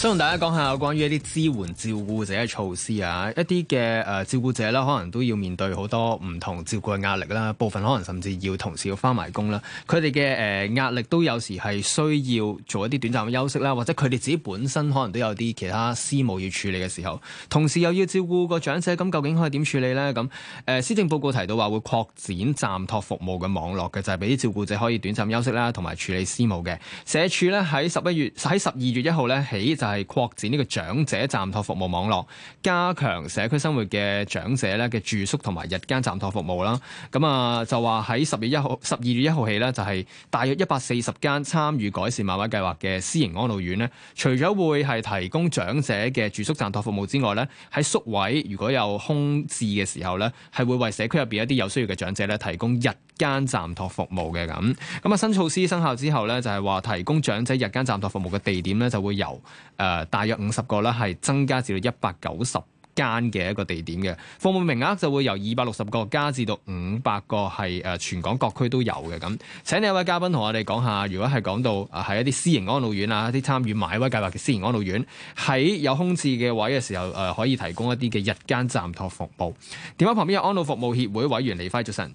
想同大家講下有關於一啲支援照顧者嘅措施啊，一啲嘅誒照顧者啦，可能都要面對好多唔同照顧嘅壓力啦，部分可能甚至要同時要翻埋工啦，佢哋嘅誒壓力都有時係需要做一啲短暫嘅休息啦，或者佢哋自己本身可能都有啲其他私務要處理嘅時候，同時又要照顧個長者，咁究竟可以點處理呢？咁誒，施政報告提到話會擴展暫托服務嘅網絡嘅，就係俾啲照顧者可以短暫休息啦，同埋處理私務嘅社署咧喺十一月喺十二月一號咧起就是。係擴展呢個長者暫託服務網絡，加強社區生活嘅長者咧嘅住宿同埋日間暫託服務啦。咁啊，就話喺十月一號、十二月一號起咧，就係大約一百四十間參與改善買位計劃嘅私營安老院咧，除咗會係提供長者嘅住宿暫託服務之外咧，喺宿位如果有空置嘅時候咧，係會為社區入邊一啲有需要嘅長者咧提供日間暫託服務嘅咁。咁啊，新措施生效之後咧，就係話提供長者日間暫託服務嘅地點咧就會由誒、呃，大約五十個咧，係增加至到一百九十間嘅一個地點，嘅服務名額就會由二百六十個加至到五百個是，係、呃、誒全港各區都有嘅咁。請你一位嘉賓同我哋講下，如果係講到喺、呃、一啲私營安老院啊，一啲參與買位計劃嘅私營安老院，喺有空置嘅位嘅時候，誒、呃、可以提供一啲嘅日間暫託服務。電話旁邊有安老服務協會委員李輝，早晨。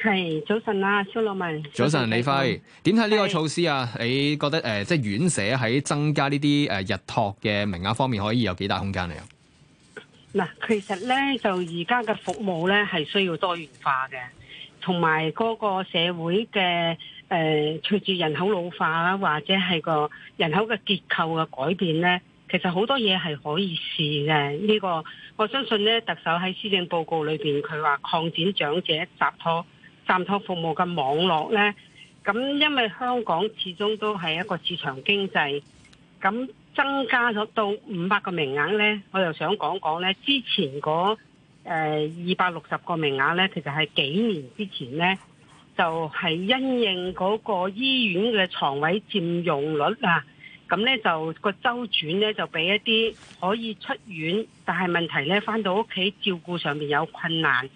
係早晨啊，蕭樂文。早晨，李輝。點睇呢個措施啊？你覺得誒，即、呃、係、就是、院舍喺增加呢啲誒日托嘅名額方面，可以有幾大空間嚟啊？嗱，其實咧就而家嘅服務咧係需要多元化嘅，同埋嗰個社會嘅誒，隨、呃、住人口老化啦，或者係個人口嘅結構嘅改變咧，其實好多嘢係可以試嘅。呢、這個我相信咧，特首喺施政報告裏邊佢話擴展長者集托。暫託服務嘅網絡呢，咁因為香港始終都係一個市場經濟，咁增加咗到五百個名額呢，我又想講講呢之前嗰誒二百六十個名額呢，其實係幾年之前呢，就係、是、因應嗰個醫院嘅床位占用率啊，咁呢，就個周轉呢，就俾一啲可以出院，但係問題呢，返到屋企照顧上面有困難，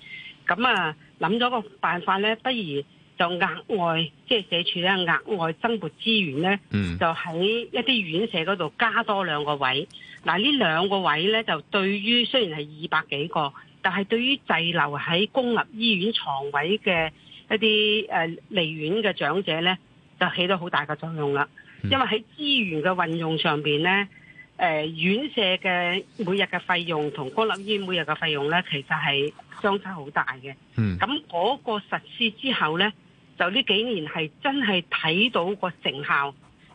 咁啊。諗咗個辦法咧，不如就額外即係社署咧，額外增撥資源咧，就喺、是、一啲院舍嗰度加多兩個兩個位。嗱，呢兩個位咧，就對於雖然係二百幾個，但係對於滯留喺公立醫院床位嘅一啲誒離院嘅長者咧，就起到好大嘅作用啦。因為喺資源嘅運用上邊咧。呃、院舍嘅每日嘅費用同公立醫院每日嘅費用呢，其實係相差好大嘅。咁、嗯、嗰個實施之後呢，就呢幾年係真係睇到個成效，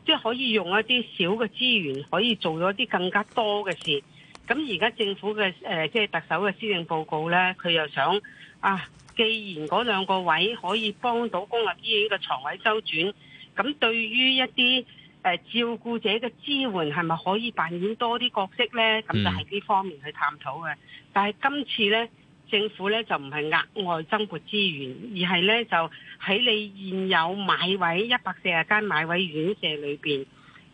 即、就、係、是、可以用一啲小嘅資源，可以做咗啲更加多嘅事。咁而家政府嘅、呃、即係特首嘅施政報告呢，佢又想啊，既然嗰兩個位可以幫到公立醫院嘅床位周轉，咁對於一啲誒、呃、照顧者嘅支援係咪可以扮演多啲角色呢？咁就係呢方面去探討嘅。但係今次呢，政府呢就唔係額外增撥資源，而係呢就喺你現有買位一百四十間買位院舍裏邊，誒、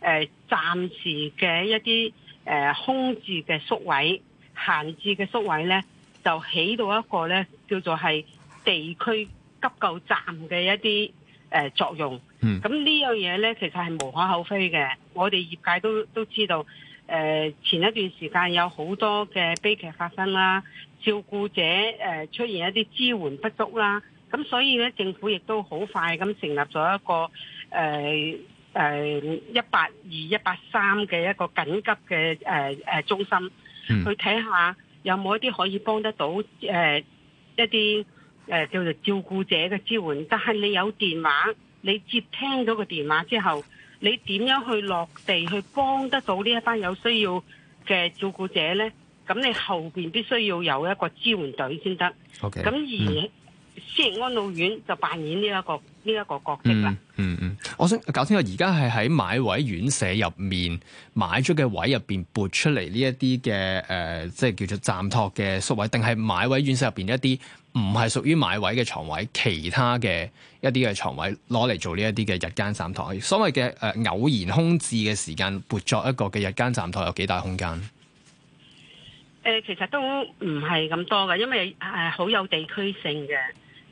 呃、暫時嘅一啲誒、呃、空置嘅宿位、閒置嘅宿位呢，就起到一個呢叫做係地區急救站嘅一啲。誒、嗯、作用，咁呢樣嘢咧其實係無可厚非嘅。我哋業界都都知道，誒、呃、前一段時間有好多嘅悲劇發生啦，照顧者誒、呃、出現一啲支援不足啦，咁、啊、所以咧政府亦都好快咁成立咗一個誒誒182、183嘅一個緊急嘅誒、呃呃、中心，嗯、去睇下有冇一啲可以幫得到誒、呃、一啲。誒叫做照顧者嘅支援，但係你有電話，你接聽到個電話之後，你點樣去落地去幫得到呢一班有需要嘅照顧者呢？咁你後面必須要有一個支援隊先得。o、okay. 咁而私營安老院就扮演呢、這、一個。呢、這、一個角色啦，嗯嗯，我想搞清楚，而家係喺買位院舍入面買咗嘅位入邊撥出嚟呢一啲嘅誒，即係叫做暫託嘅宿位，定係買位院舍入邊一啲唔係屬於買位嘅床位，其他嘅一啲嘅床位攞嚟做呢一啲嘅日間暫託，所謂嘅誒偶然空置嘅時間撥作一個嘅日間暫託，有幾大空間？誒、呃，其實都唔係咁多嘅，因為誒好、呃、有地區性嘅，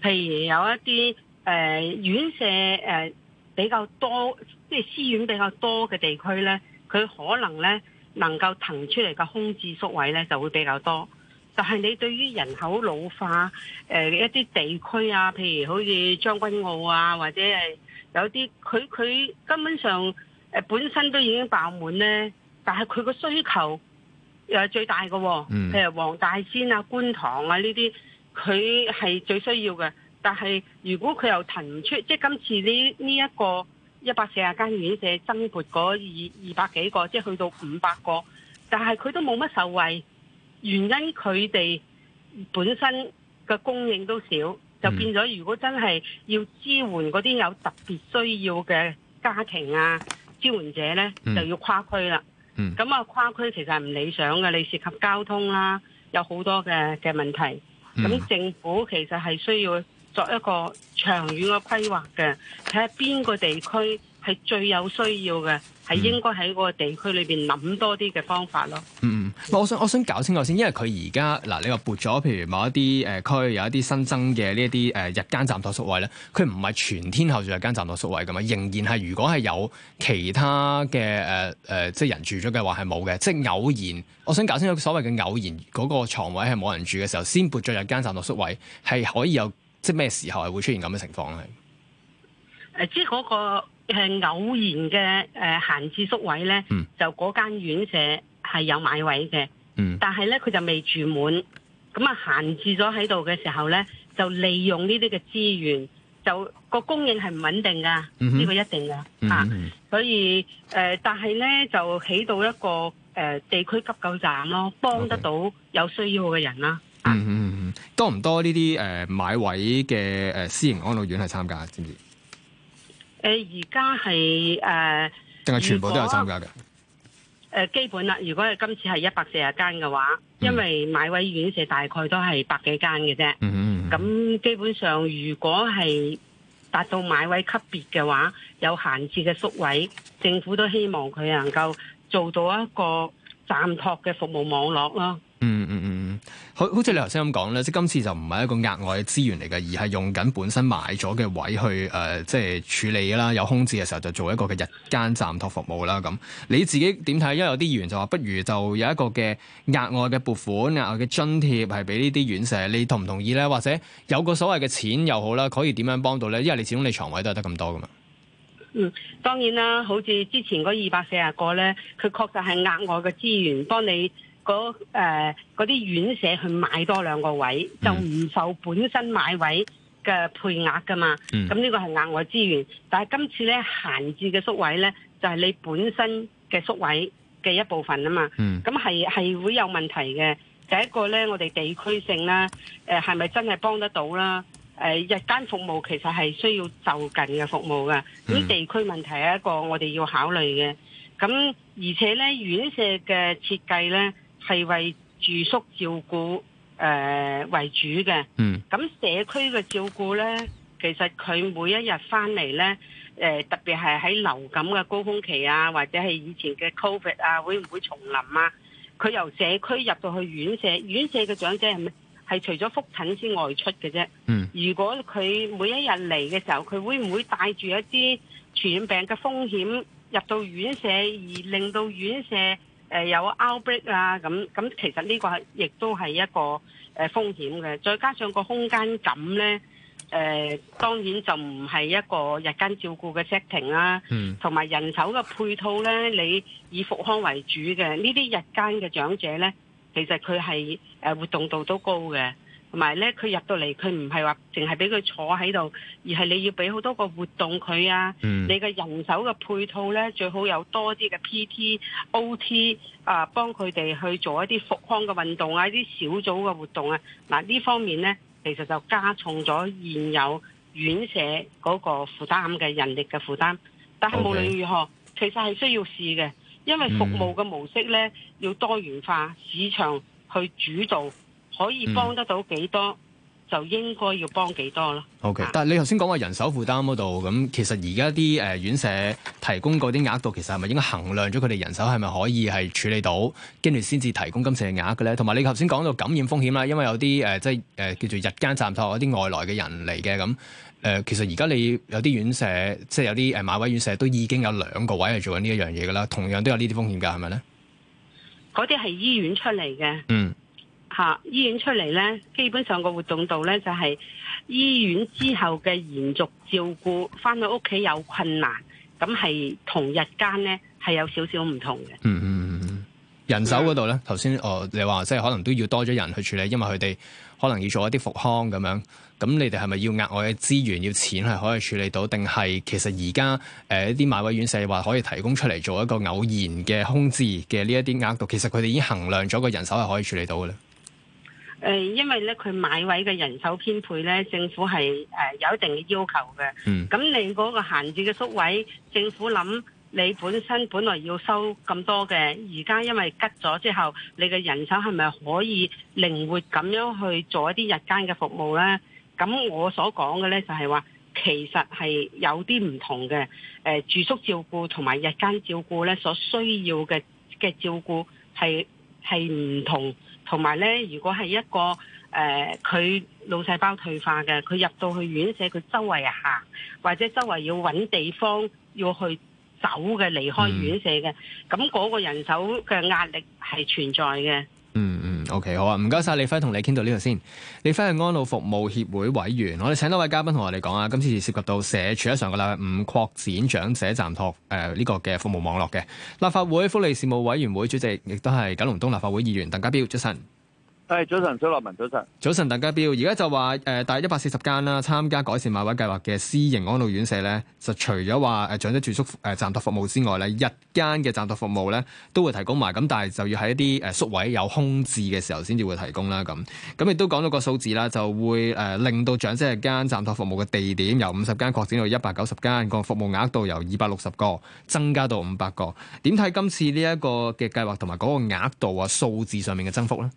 譬如有一啲。誒、呃、院舍誒、呃、比較多，即係私院比較多嘅地區咧，佢可能咧能夠騰出嚟嘅空置宿位咧就會比較多。但係你對於人口老化誒、呃、一啲地區啊，譬如好似將軍澳啊，或者係有啲佢佢根本上本身都已經爆滿咧，但係佢嘅需求又最大嘅喎、哦。嗯、譬如黃大仙啊、觀塘啊呢啲，佢係最需要嘅。但係，如果佢又騰唔出，即係今次呢呢一個一百四十間院舍增撥嗰二二百幾個，即係去到五百個，但係佢都冇乜受惠，原因佢哋本身嘅供應都少，就變咗。如果真係要支援嗰啲有特別需要嘅家庭啊，支援者呢，就要跨區啦。咁、嗯、啊、嗯，跨區其實係唔理想嘅，你涉及交通啦，有好多嘅嘅問題。咁政府其實係需要作一個長遠嘅規劃嘅，睇下邊個地區係最有需要嘅，係、嗯、應該喺嗰個地區裏邊諗多啲嘅方法咯。嗯嗯，我想我想搞清楚先，因為佢而家嗱，你話撥咗譬如某一啲誒、呃、區有一啲新增嘅呢一啲誒日間暫託宿位咧，佢唔係全天候住日間暫託宿位噶嘛，仍然係如果係有其他嘅誒誒，即係人住咗嘅話係冇嘅，即係偶然。我想搞清楚所謂嘅偶然嗰、那個牀位係冇人住嘅時候，先撥咗日間暫託宿位，係可以有。即咩時候係會出現咁嘅情況咧？誒，即嗰個誒偶然嘅誒閒置宿位咧、嗯，就嗰間院舍係有買位嘅、嗯，但係咧佢就未住滿，咁啊閒置咗喺度嘅時候咧，就利用呢啲嘅資源，就個供應係唔穩定噶，呢、嗯這個一定噶吓、嗯，所以誒，但係咧就起到一個誒地區急救，救站咯，幫得到有需要嘅人啦。嗯嗯嗯嗯，多唔多呢啲誒買位嘅誒、呃、私營安老院係參加，知唔知？誒、呃，而家係誒，定、呃、係全部都有參加嘅？誒、呃，基本啦，如果係今次係一百四十間嘅話、嗯，因為買位院舍大概都係百幾間嘅啫。咁、嗯嗯嗯嗯、基本上，如果係達到買位級別嘅話，有閒置嘅宿位，政府都希望佢能夠做到一個暫托嘅服務網絡咯。嗯嗯嗯。嗯、好好似你頭先咁講咧，即係今次就唔係一個額外嘅資源嚟嘅，而係用緊本身買咗嘅位去誒、呃，即係處理啦，有空置嘅時候就做一個嘅日間暫託服務啦。咁你自己點睇？因為有啲議員就話，不如就有一個嘅額外嘅撥款、額外嘅津貼，係俾呢啲院舍。你同唔同意咧？或者有個所謂嘅錢又好啦，可以點樣幫到咧？因為你始終你床位都係得咁多噶嘛。嗯，當然啦，好似之前嗰二百四十個咧，佢確實係額外嘅資源幫你。嗰嗰啲院舍去買多兩個位，就唔受本身買位嘅配額噶嘛。咁、嗯、呢個係額外資源，但係今次咧閒置嘅宿位咧，就係、是、你本身嘅宿位嘅一部分啊嘛。咁係係會有問題嘅。第一個咧，我哋地區性啦，誒係咪真係幫得到啦？誒、呃、日間服務其實係需要就近嘅服務㗎。咁地區問題係一個我哋要考慮嘅。咁而且咧，院舍嘅設計咧，係為住宿照顧誒、呃、為主嘅，咁社區嘅照顧呢，其實佢每一日返嚟呢，誒、呃、特別係喺流感嘅高峰期啊，或者係以前嘅 Covid 啊，會唔會重臨啊？佢由社區入到去院舍，院舍嘅長者係咪係除咗復診之外出嘅啫？嗯、如果佢每一日嚟嘅時候，佢會唔會帶住一啲傳染病嘅風險入到院舍，而令到院舍？誒有 outbreak 啊，咁咁其實呢個係亦都係一個誒風險嘅，再加上個空間感咧，誒當然就唔係一個日間照顧嘅 setting 啦，同埋人手嘅配套咧，你以復康為主嘅呢啲日間嘅長者咧，其實佢係誒活動度都高嘅。同埋咧，佢入到嚟，佢唔係話淨係俾佢坐喺度，而係你要俾好多個活動佢啊、嗯！你嘅人手嘅配套咧，最好有多啲嘅 PT、OT 啊，幫佢哋去做一啲復康嘅運動啊，一啲小組嘅活動啊。嗱呢方面咧，其實就加重咗現有院舍嗰個負擔嘅人力嘅負擔。但係無論如何，okay. 其實係需要試嘅，因為服務嘅模式咧要多元化，市場去主導。可以幫得到幾多、嗯，就應該要幫幾多咯。OK，但係你頭先講話人手負擔嗰度，咁其實而家啲誒院舍提供嗰啲額度，其實係咪應該衡量咗佢哋人手係咪可以係處理到，跟住先至提供今次嘅額嘅咧？同埋你頭先講到感染風險啦，因為有啲誒即係誒叫做日間暫託嗰啲外來嘅人嚟嘅咁誒，其實而家你有啲院舍，即係有啲誒買位院舍，都已經有兩個位係做緊呢一樣嘢噶啦，同樣都有呢啲風險㗎，係咪咧？嗰啲係醫院出嚟嘅。嗯。吓、啊！醫院出嚟咧，基本上個活動度咧就係、是、醫院之後嘅延續照顧，翻到屋企有困難，咁係同日間咧係有少少唔同嘅。嗯嗯嗯，人手嗰度咧，頭先哦你話即係可能都要多咗人去處理，因為佢哋可能要做一啲復康咁樣。咁你哋係咪要額外嘅資源、要錢係可以處理到，定係其實而家誒一啲馬委院舍話可以提供出嚟做一個偶然嘅空置嘅呢一啲額度，其實佢哋已經衡量咗個人手係可以處理到嘅咧？誒，因為咧佢買位嘅人手編配咧，政府係誒有一定嘅要求嘅。嗯。咁你嗰個閒置嘅宿位，政府諗你本身本來要收咁多嘅，而家因為吉咗之後，你嘅人手係咪可以靈活咁樣去做一啲日間嘅服務咧？咁我所講嘅咧就係話，其實係有啲唔同嘅。誒，住宿照顧同埋日間照顧咧，所需要嘅嘅照顧係係唔同。同埋咧，如果係一個誒，佢、呃、腦細胞退化嘅，佢入到去院舍，佢周圍行，或者周圍要搵地方要去走嘅，離開院舍嘅，咁、那、嗰個人手嘅壓力係存在嘅。嗯嗯，OK 好啊，唔該晒李輝同你傾到呢度先。李輝係安老服務協會委員，我哋請多位嘉賓同我哋講啊。今次涉及到社署喺上個禮拜五擴展長者暫託誒呢、呃這個嘅服務網絡嘅立法會福利事務委員會主席，亦都係九龍東立法會議員鄧家彪早晨。係早晨，小樂文早晨早晨，鄧家彪而家就話誒、呃，大約一百四十間啦，參加改善買位計劃嘅私營安老院舍咧，就除咗話誒長者住宿誒暫託服務之外咧，日間嘅暫託服務咧都會提供埋。咁但係就要喺一啲誒宿位有空置嘅時候先至會提供啦。咁咁亦都講到個數字啦，就會誒、呃、令到長者日間暫託服務嘅地點由五十間擴展到一百九十間，個服務額度由二百六十個增加到五百個。點睇今次呢一個嘅計劃同埋嗰個額度啊數字上面嘅增幅咧？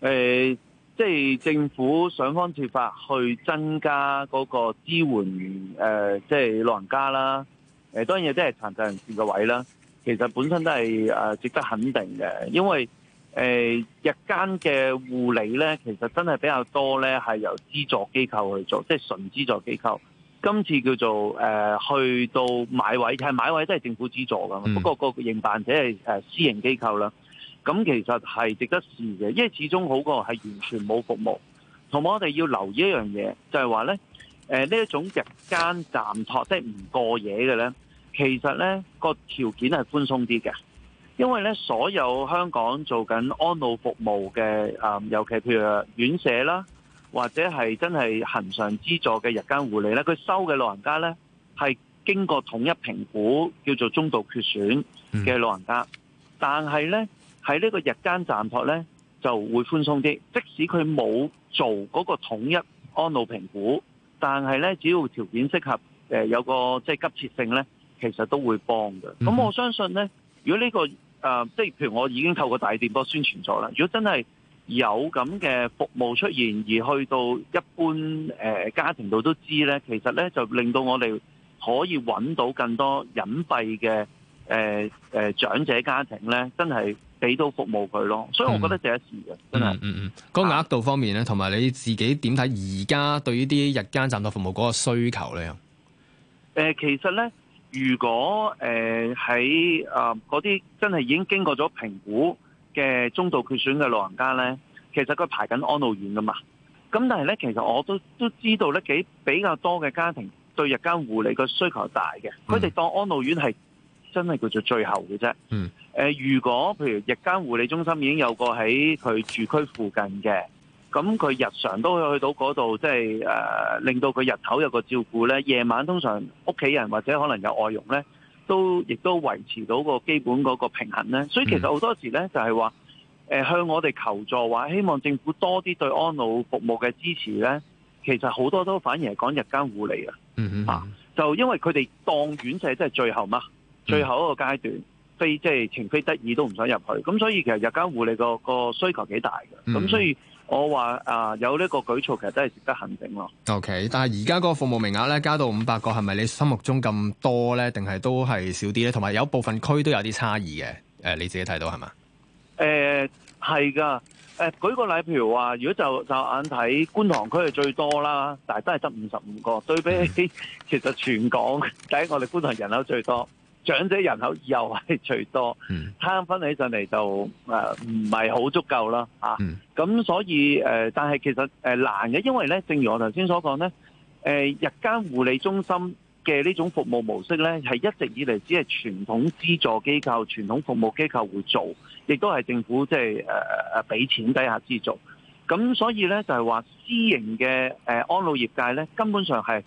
誒、呃，即係政府想方設法去增加嗰個支援誒、呃，即係老人家啦。誒、呃，當然亦都係殘疾人士嘅位啦。其實本身都係誒值得肯定嘅，因為誒、呃、日間嘅護理咧，其實真係比較多咧，係由資助機構去做，即係純資助機構。今次叫做誒、呃、去到買位，係買位都係政府資助噶、嗯，不過個營辦者係誒私營機構啦。咁其實係值得試嘅，因為始終好過係完全冇服務。同埋我哋要留意一樣嘢，就係話呢，誒呢一種日間暫託，即係唔過夜嘅呢，其實呢個條件係寬鬆啲嘅，因為呢所有香港做緊安老服務嘅誒，尤其譬如院舍啦，或者係真係恆常資助嘅日間護理呢，佢收嘅老人家呢係經過統一評估，叫做中度缺損嘅老人家，但係呢，喺呢個日間暫託呢，就會寬鬆啲，即使佢冇做嗰個統一安老評估，但係呢，只要條件適合，呃、有個即係急切性呢，其實都會幫嘅。咁我相信呢，如果呢、呢個誒，即、呃、係、就是、譬如我已經透過大電波宣傳咗啦，如果真係有咁嘅服務出現，而去到一般誒、呃、家庭度都知呢，其實呢，就令到我哋可以揾到更多隱蔽嘅誒誒長者家庭呢，真係～俾到服務佢咯，所以我覺得值得一試嘅，真係。嗯嗯，嗯嗰個額度方面咧，同埋你自己點睇而家對呢啲日間暫託服務嗰個需求咧、呃？其實咧，如果誒喺啊嗰啲真係已經經過咗評估嘅中度缺損嘅老人家咧，其實佢排緊安老院噶嘛。咁但係咧，其實我都都知道咧，幾比較多嘅家庭對日間護理個需求大嘅，佢、嗯、哋當安老院係真係叫做最後嘅啫。嗯。誒、呃，如果譬如日間護理中心已經有個喺佢住區附近嘅，咁佢日常都去到嗰度，即係誒令到佢日頭有個照顧咧。夜晚通常屋企人或者可能有外傭咧，都亦都維持到個基本嗰個平衡咧。所以其實好多時咧，就係、是、話、呃、向我哋求助，話希望政府多啲對安老服務嘅支持咧，其實好多都反而係講日間護理啊。嗯嗯，嗯、啊、就因為佢哋當院舍即係最後嘛，最後一個階段。嗯嗯嗯非即係、就是、情非得已都唔想入去，咁所以其實日間護理個個需求幾大嘅，咁、嗯、所以我話啊有呢個舉措其實真係值得肯定咯。O、okay, K，但係而家嗰個服務名額咧加到五百個，係咪你心目中咁多咧？定係都係少啲咧？同埋有，有部分區都有啲差異嘅，誒你自己睇到係嘛？誒係噶，誒、呃呃、舉個例，譬如話，如果就就眼睇觀塘區係最多啦，但係都係得五十五個，對比起、嗯、其實全港第一，我哋觀塘人口最多。長者人口又係最多，攤分起上嚟就誒唔係好足夠啦嚇。咁、啊、所以誒、呃，但係其實誒、呃、難嘅，因為咧，正如我頭先所講咧，誒、呃、日間護理中心嘅呢種服務模式咧，係一直以嚟只係傳統資助機構、傳統服務機構會做，亦都係政府即係誒誒俾錢底下資助。咁所以咧，就係、係、話私營嘅誒、呃、安老業界咧，根本上係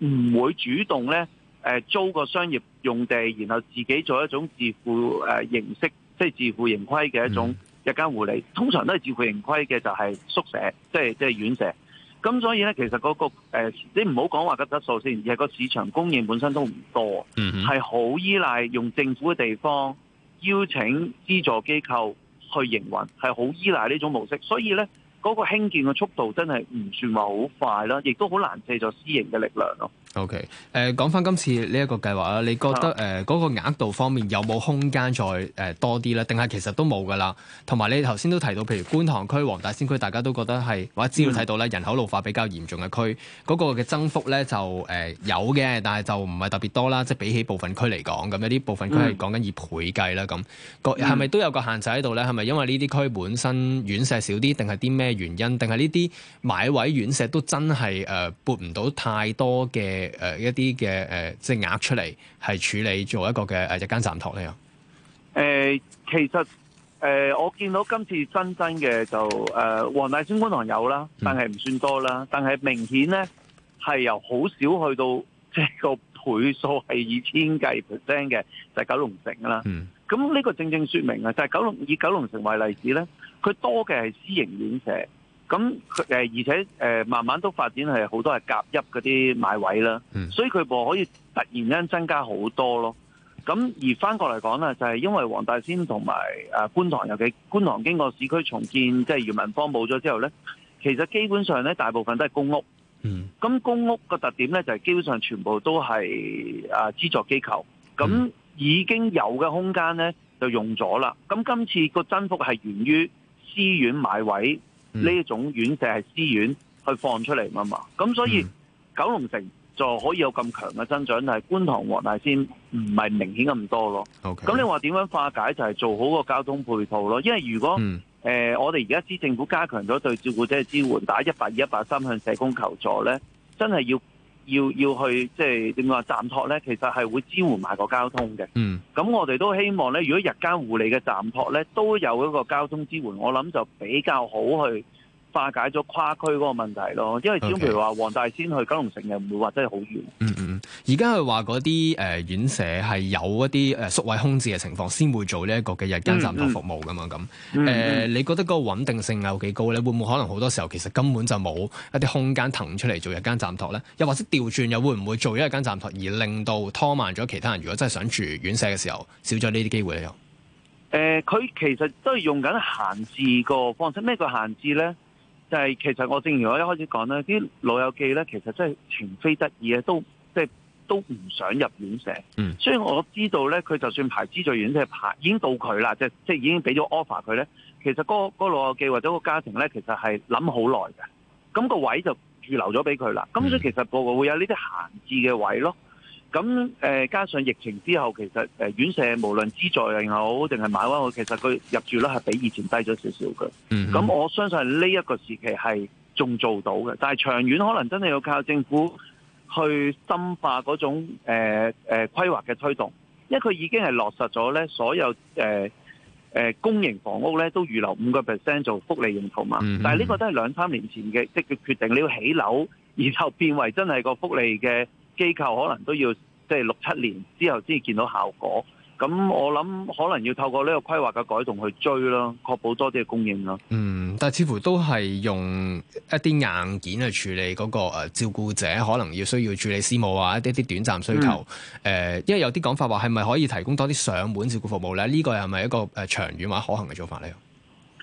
唔會主動咧。誒租個商業用地，然後自己做一種自負誒形式，即係自負盈虧嘅一種、mm-hmm. 日間護理。通常都係自負盈虧嘅，就係、是、宿舍，即係即係院舍。咁所以咧，其實嗰、那個、呃、你唔好講話個質素先，而係個市場供應本身都唔多，係、mm-hmm. 好依賴用政府嘅地方邀請資助機構去營運，係好依賴呢種模式。所以咧，嗰、那個興建嘅速度真係唔算話好快啦，亦都好難借助私營嘅力量咯。O.K. 誒講翻今次呢一個計劃啦，你覺得誒嗰、呃那個額度方面有冇空間再、呃、多啲咧？定係其實都冇噶啦。同埋你頭先都提到，譬如觀塘區、黃大仙區，大家都覺得係或者要睇到咧，人口老化比較嚴重嘅區，嗰、那個嘅增幅咧就、呃、有嘅，但係就唔係特別多啦。即係比起部分區嚟講，咁有啲部分區係講緊以倍計啦，咁係咪都有個限制喺度咧？係咪因為呢啲區本身院舍少啲，定係啲咩原因？定係呢啲買位院舍都真係誒、呃、撥唔到太多嘅？誒誒，一啲嘅誒，即係額出嚟係處理做一個嘅誒日間暫託呢樣。誒，其實誒、呃，我見到今次新增嘅就誒，黃大仙觀塘有啦，但係唔算多啦。但係明顯咧係由好少去到即係個倍數係以千計 percent 嘅，就係、是、九龍城啦。咁、嗯、呢個正正說明啊，就係、是、九龍以九龍城為例子咧，佢多嘅係私營院舍。咁誒，而且誒，慢慢都發展係好多係夾一嗰啲買位啦，所以佢部可以突然間增加好多咯。咁而翻過嚟講咧，就係因為黃大仙同埋誒觀塘，尤其觀塘經過市區重建，即係裕民坊冇咗之後咧，其實基本上咧大部分都係公屋。咁公屋個特點咧就係基本上全部都係誒資助機構。咁已經有嘅空間咧就用咗啦。咁今次個增幅係源於私院買位。呢、嗯、一種院舍係私院去放出嚟噶嘛，咁所以，嗯、九龍城就可以有咁強嘅增長，但係觀塘、黃大仙唔係明顯咁多咯。咁、okay. 你話點樣化解就係做好個交通配套咯，因為如果誒，嗯呃、我哋而家知政府加強咗對照顧者嘅支援，打一八二一八三向社工求助咧，真係要。要要去即係點講？暫托咧，其實係會支援埋個交通嘅。嗯，咁我哋都希望咧，如果日間護理嘅暫托咧，都有一個交通支援，我諗就比較好去化解咗跨區嗰個問題咯。因為，比、okay. 如話黃大仙去九龍城，又唔會話真係好遠。嗯嗯。而家係話嗰啲誒院舍係有一啲誒、呃、宿位空置嘅情況，先會做呢一個嘅日間暫託服務咁嘛。咁、嗯。誒、嗯呃嗯，你覺得嗰個穩定性有幾高咧？會唔會可能好多時候其實根本就冇一啲空間騰出嚟做日間暫託咧？又或者調轉又會唔會做一日間暫託，而令到拖慢咗其他人？如果真係想住院舍嘅時候，少咗呢啲機會咧？誒、呃，佢其實都係用緊閒置個方式。咩叫閒置咧？就係、是、其實我正如我一開始講咧，啲老友記咧，其實真係情非得已啊，都～都唔想入院舍、嗯，所以我知道咧，佢就算排資助院舍排已經到佢啦，即、即係、即已經俾咗 offer 佢咧。其實嗰、嗰個嗰個、老友記或者個家庭咧，其實係諗好耐嘅，咁、嗰個位就預留咗俾佢啦。咁所以其實個個會有呢啲閒置嘅位咯。咁、呃、加上疫情之後，其實、呃、院舍無論資助又好定係買我其實佢入住率係比以前低咗少少嘅。咁、嗯、我相信呢一個時期係仲做到嘅，但係長遠可能真係要靠政府。去深化嗰種誒誒、呃呃、規劃嘅推動，因為佢已經係落實咗咧，所有誒誒、呃呃、公營房屋咧都預留五個 percent 做福利用途嘛。Mm-hmm. 但係呢個都係兩三年前嘅即係決定，你要起樓，然後變為真係個福利嘅機構，可能都要即係六七年之後先見到效果。咁我諗可能要透過呢個規劃嘅改動去追啦，確保多啲嘅供應啦。嗯，但係似乎都係用一啲硬件去處理嗰個誒照顧者可能要需要處理私務，啊，一啲啲短暫需求。誒、嗯呃，因為有啲講法話係咪可以提供多啲上門照顧服務咧？呢、這個係咪一個誒長遠或可行嘅做法咧？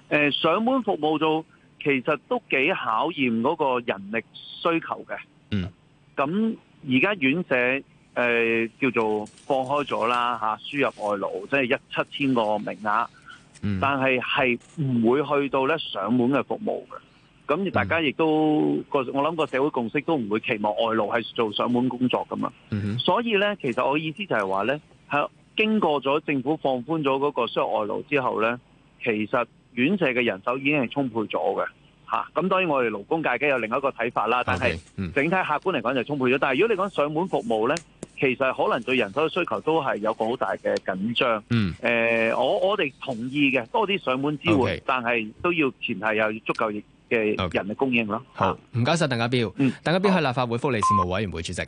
誒、呃，上門服務做其實都幾考驗嗰個人力需求嘅。嗯。咁而家院舍。誒、呃、叫做放開咗啦嚇，輸入外勞即係一七千個名額，嗯、但係係唔會去到咧上門嘅服務嘅。咁大家亦都、嗯、我諗個社會共識都唔會期望外勞係做上門工作噶嘛、嗯。所以咧，其實我意思就係話咧，喺經過咗政府放寬咗嗰個輸入外勞之後咧，其實院舍嘅人手已經係充沛咗嘅嚇。咁當然我哋勞工界都有另一個睇法啦，okay, 但係整體客觀嚟講就充沛咗、嗯。但係如果你講上門服務咧，其實可能對人手嘅需求都係有個好大嘅緊張。嗯，誒、呃，我我哋同意嘅，多啲上門支援，okay. 但係都要前提有足夠嘅人嘅供應咯、okay. 啊。好，唔該晒鄧家彪。鄧家彪係立法會福利事務委員會主席。